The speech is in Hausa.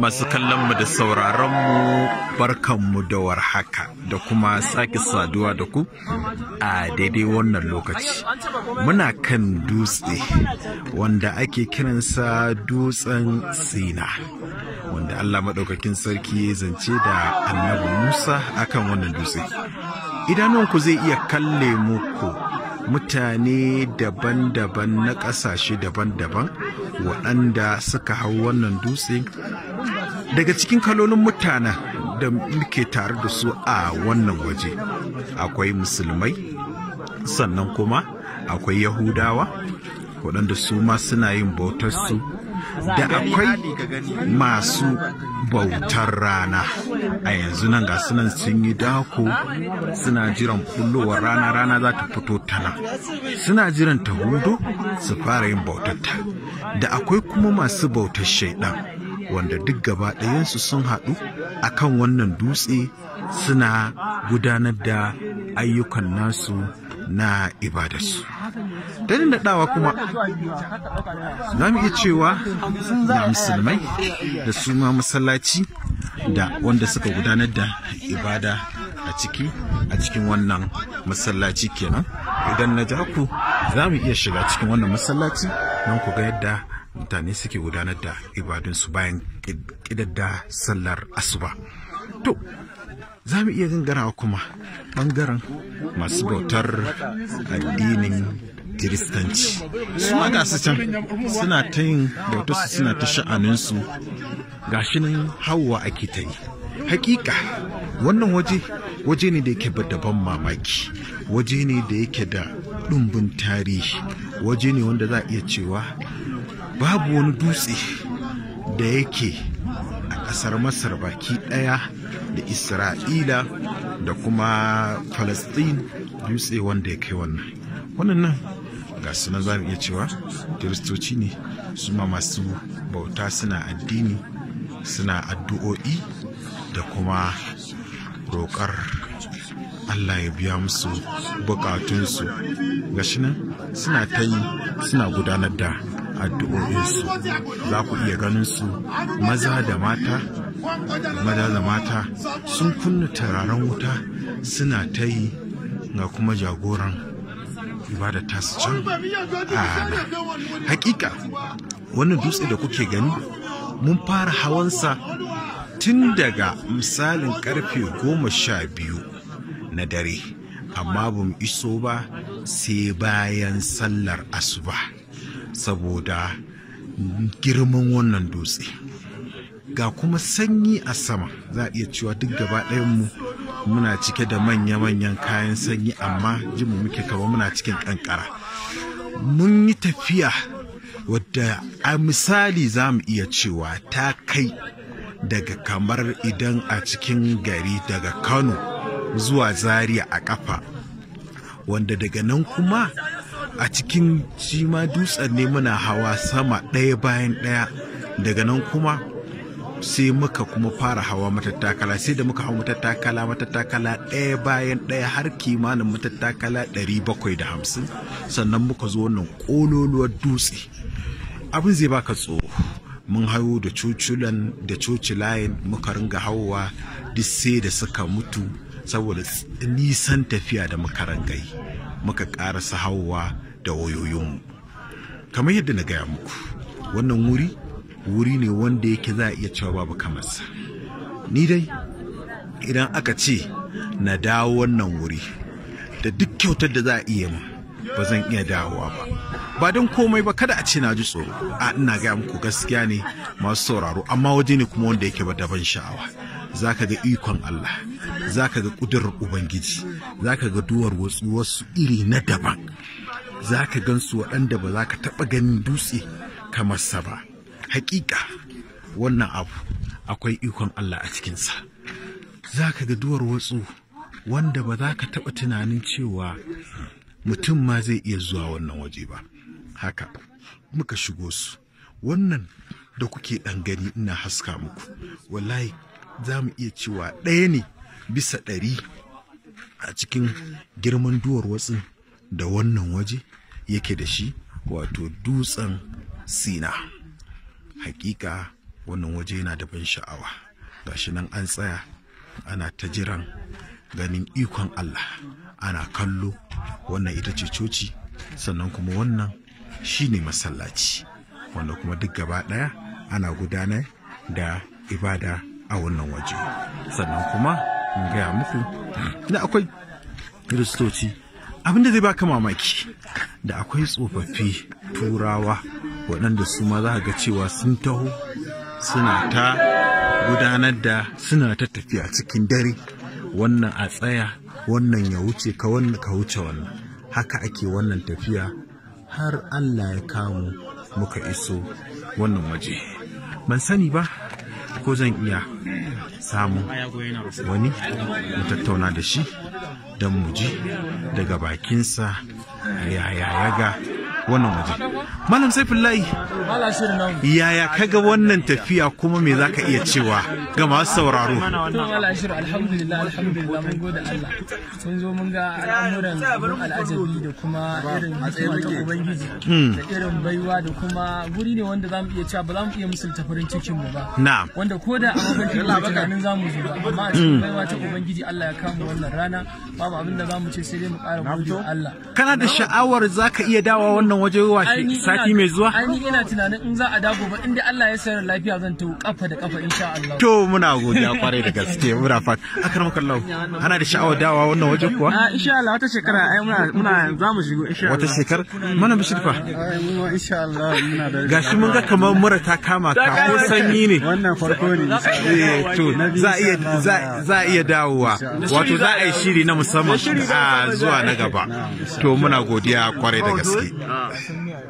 masu kallon mu da sauraronmu barkanmu da warhaka da kuma sake saduwa da ku a daidai wannan lokaci muna kan dutse wanda ake kiransa dutsen sina wanda allah maɗaukakin sarki ya zance da annabi musa akan wannan dutse idanunku zai iya kalle muku mutane daban-daban na ƙasashe daban-daban waɗanda suka hau wannan dutse daga cikin kalolin mutanen da muke tare da su a wannan waje akwai musulmai sannan kuma akwai yahudawa waɗanda su ma suna yin bautarsu da akwai masu bautar rana a yanzu nan ga sunan sun yi dako suna jiran kullowar rana rana za ta fito tana suna jiran ta hudu su fara yin bautarta da akwai kuma masu bautar shaidan wanda duk gaba ɗayansu sun haɗu a kan wannan dutse suna gudanar da ayyukan nasu na ibadarsu. Dalin daɗawa kuma za mu iya cewa na musulmai da su ma masallaci da wanda suka gudanar da ibada a ciki a cikin wannan masallaci kenan idan na ja ku za mu iya shiga cikin wannan masallaci don ku ga yadda mutane suke gudanar da ibadunsu bayan ƙidadda sallar asuba to za mu iya gangarawa kuma ɓangaren masu bautar addinin kiristanci su ma ga su can suna ta yin bautarsu suna ta sha'aninsu shi nan hawa ake ta yi hakika wannan waje waje ne da yake bada ban mamaki waje ne da yake da ɗumbin tarihi waje ne wanda za a iya cewa babu wani dutse da yake a ƙasar masar baki ɗaya da isra'ila da kuma falastin dutse wanda ya kai wannan wannan nan ga suna za iya cewa kiristoci ne su ma masu bauta suna addini suna addu'o'i da kuma roƙar Allah ya biya musu bukatunsu shi nan suna ta yi suna gudanar da addu'o'insu za ku iya ganin su maza da mata maza da mata sun kunna tararen wuta suna ta yi ga kuma jagoran ibada su can a hakika wannan dutse da kuke gani mun fara hawansa tun daga misalin karfe goma sha biyu na dare amma bamu iso ba sai bayan sallar asuba. saboda girman wannan dutse ga kuma sanyi a sama za a iya cewa duk gaba mu muna cike da manya-manyan kayan sanyi amma jimu muke kama muna cikin kankara mun yi tafiya wadda a misali za mu iya cewa ta kai daga kamar idan a cikin gari daga kano zuwa zaria a kafa wanda daga nan kuma a cikin shi ma dutsen ne muna hawa sama ɗaya bayan ɗaya daga nan kuma sai muka kuma fara hawa matattakala sai da muka hau matattakala matattakala ɗaya bayan ɗaya har kimanin matattakala 750 sannan muka zo wannan ƙololuwar dutse abin zai baka tsoro mun hayo da cuculan da cocilayen muka ringa hawa duk sai da suka mutu saboda nisan tafiya da muka rangai muka ƙarasa hawa da wayoyinmu kamar yadda na gaya muku wannan wuri wuri ne wanda yake za a iya cewa babu kamarsa ni dai idan aka ce na dawo wannan wuri da duk kyautar da za a iya mu ba zan iya dawowa ba ba don komai ba kada a ce na ji tsoro a ina gaya muku gaskiya ne masu sauraro amma waje ne kuma wanda yake ba daban sha'awa za ka ga ikon Allah za ka ga ƙudurar Ubangiji za ka ga duwar wasu iri na daban za ka su waɗanda ba za ka taɓa ganin dutse kamar sa ba Haƙiƙa wannan abu akwai ikon Allah a cikinsa za ka ga duwar watsu wanda ba za ka taɓa tunanin cewa mutum ma zai iya zuwa wannan waje ba haka muka shigo su wannan da kuke ɗan gani ina haska muku wallahi za mu iya cewa ɗaya ne bisa ɗari a cikin girman duwar watsin da wannan waje yake da shi wato dutsen sina hakika wannan waje yana da ban sha'awa ga shi nan an tsaya ana ta jiran ganin ikon Allah ana kallo wannan ita ce coci sannan kuma wannan shine masallaci wanda kuma duk gaba ɗaya ana gudanar da ibada a wannan waje sannan kuma in gaya muku da akwai kiristoci abin da zai baka mamaki da akwai tsofaffi turawa waɗanda su ma za ga cewa sun taho suna ta gudanar da suna ta tafiya cikin dare wannan a tsaya wannan ya wuce ka wannan ka wuce wannan haka ake wannan tafiya har Allah ya kamu muka iso wannan waje ban sani ba ko zan iya samun wani mu tattauna da shi don mu ji daga bakinsa yaya ya ga wannan waje malam saifullahi yaya ka ga wannan tafiya kuma me zaka iya cewa ga masu sauraro to alashir alhamdulillah alhamdulillah mun gode Allah mun zo mun ga al'amuran al'ajabi da kuma irin matsayin ta ubangiji da irin baiwa da kuma guri ne wanda zamu iya cewa ba zamu iya musulta farin cikin mu ba na'am wanda ko da a mafarkin ba tunanin zamu zo ba amma a cikin hmm. baiwa ta ubangiji Allah ya kama wannan rana babu abin da zamu ce sai dai mu ƙara gode Allah kana da sha'awar zaka iya dawa wannan nan waje wa sati mai zuwa ai ni ina tunanin in za a dago ba inda Allah ya sayar lafiya zan tu kafa da kafa insha Allah to muna godiya kwarai da gaske muna fat. akram kallahu ana da sha'awar dawa wannan waje kuwa a ah, insha Allah wata shekara ai muna muna za mu shigo insha Allah wata shekara mana bishir fa insha Allah muna da gashi mun ga kamar mura ta kama ka ko sanyi ne wannan farko ne eh to za iya za iya dawowa wato za a yi shiri na musamman a ah, zuwa na gaba to muna godiya kwarai da gaske 生面。